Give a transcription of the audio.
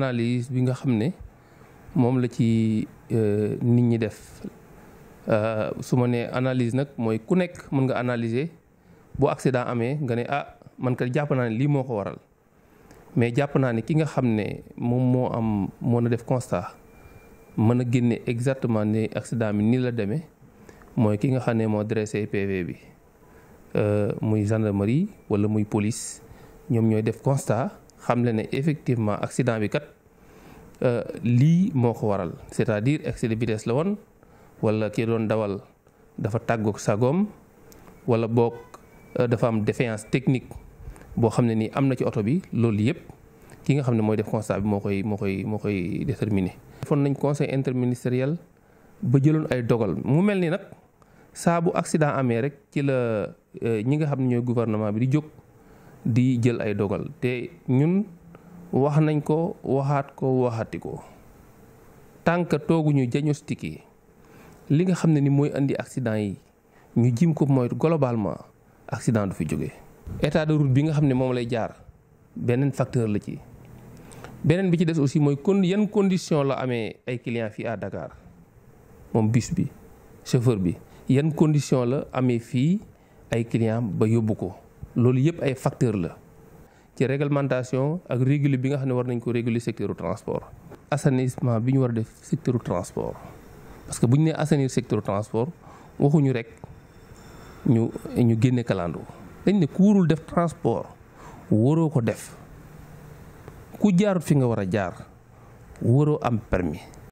analyse bi nga xam ne moom la ci euh, nit ñi def euh, su ma nee analyse nag mooy ku nekk mën nga analyser bu accident amee nga ne ah man kat jàpp naa ne lii moo ko waral mais jàpp naa ne ki nga xam ne moom moo am moo na def constat mën a génne exactement ne accident bi nii la demee mooy ki nga xam ne moo dressé PV bi euh, muy gendarmerie walla muy police ñoom ñooy def constat. xam le ne effectivement accident bi kat euh, lii moo ko waral c'est-à-dire excès vitesse la woon wala ki doon dawal dafa tàggoog sagoom wala book euh, dafa am défaillance technique boo xam ne nii am na ci oto bi loolu yëpp ki nga xam ne mooy def constat moo koy moo koy moo koy déterminer. defoon nañ conseil interministériel ba jëloon ay dogal mu mel ni nag saa bu accident amee rek ci la euh, ñi nga xam ne ñooy gouvernement bi di jóg. di jël ay dogal te ñun wax nañ ko waxaat ko waxati ko tànk tooguñu diagnostiqué li nga xam ne ni mooy indi accident yi ñu jim ko moytu globalement accident du fi jóge état de route bi nga xam ne moom lay jaar beneen facteur la ci beneen bi ci des aussi mooy kon yan condition la amee ay client fii à dakaar moom bus bi chauffeur bi yan condition la amee fii ay client ba yóbbu ko loolu yëpp ay facteur la ci réglementation ak réguler bi nga xam ne war nañ ko réglu secteur transport. assainissement bi ñu war a def secteur transport parce que bu ñu nee assainir secteur transport waxuñu rek ñu ñu génne kalandoo dañ ne ku warul def transport waroo ko def ku jaarut fi nga war a jaar waroo am permis